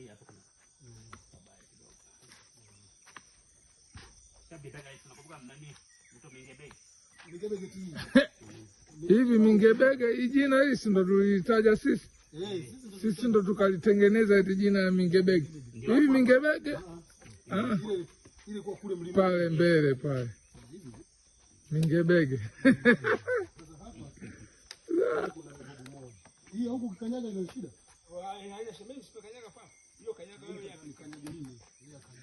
Angalia hapo kuna habari mm, kidogo. Mm. Hivi Mingebege ijina hili ndo tulitaja sisi eh, sisi ndo tukalitengeneza hili jina ya Mingebege. Hivi Mingebege ah, ah. ah. pale mbele pale Mingebege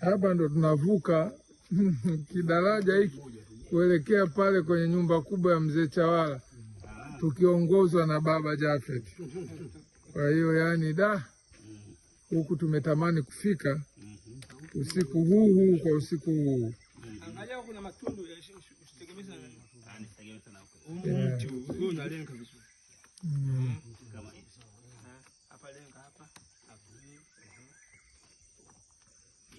Hapa ndo tunavuka kidaraja hiki kuelekea pale kwenye nyumba kubwa ya mzee Chawala tukiongozwa na baba Jafet. Kwa hiyo yani da huku tumetamani kufika usiku huu huu kwa usiku huu yeah.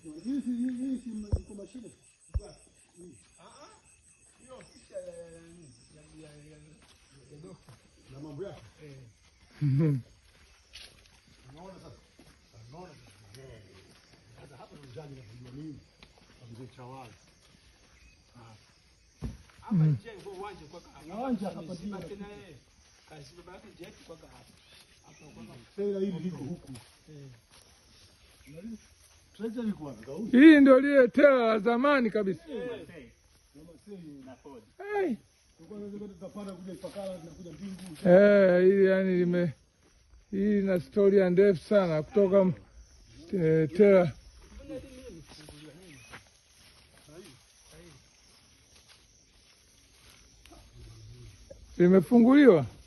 na mambo hii ndio lile tela la zamani kabisa. Hili yani lime hii na storia ndefu sana kutoka eh, tela limefunguliwa.